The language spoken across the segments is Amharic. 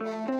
Thank you.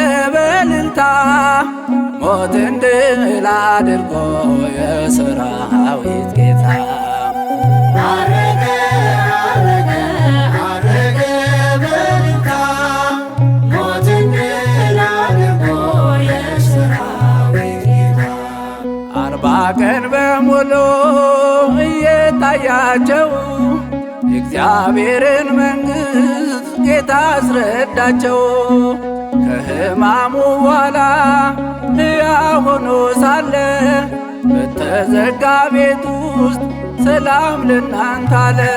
ሞትን ድል አድርጎ የሰራዊት ጌታ አርባ ቀን በሙሉ እየታያቸው የእግዚአብሔርን መንግሥት ጌታ አስረዳቸው ከሕማሙ በኋላ ሆኖ ሳለ በተዘጋ ቤት ውስጥ ሰላም ለእናንተ አለ።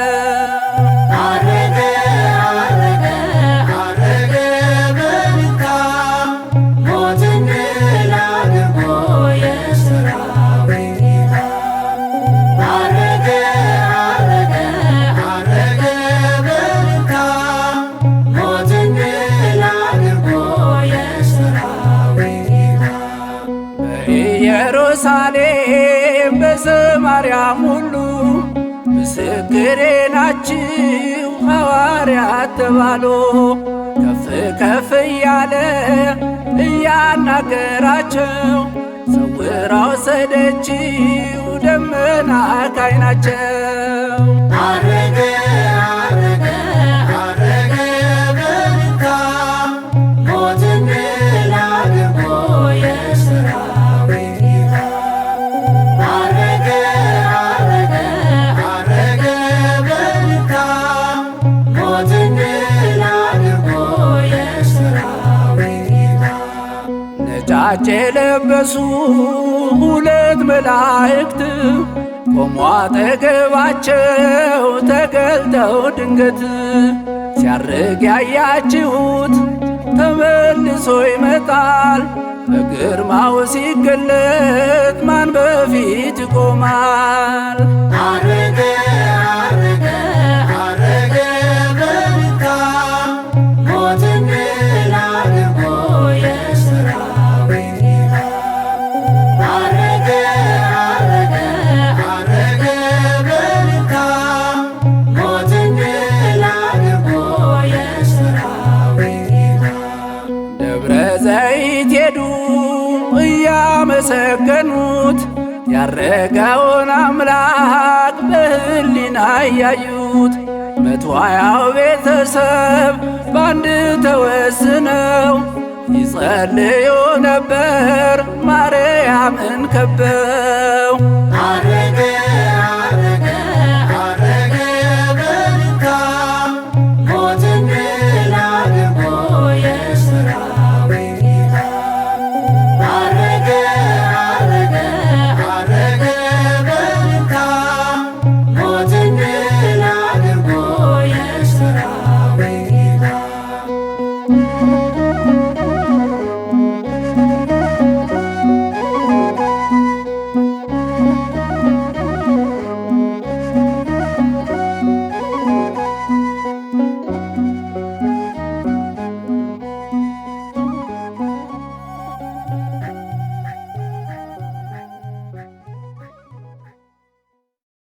ኢየሩሳሌም በሰማርያ ሁሉ ምስክሬ ናችሁ ሐዋርያት ተባሉ። ከፍ ከፍ እያለ እያናገራቸው ሰውራ ወሰደችው ደመና ካይናቸው ነጭ የለበሱ ሁለት መላእክት ቆሞ አጠገባቸው ተገልጠው ድንገት ሲያርግ ያያችሁት ተመልሶ ይመጣል። በግርማው ሲገለጥ ማን በፊት ይቆማል? ያመሰገኑት ያረጋውን አምላክ በህሊና እያዩት መትዋያው ቤተሰብ በአንድ ተወስነው ይጸልዩ ነበር ማርያምን ከበው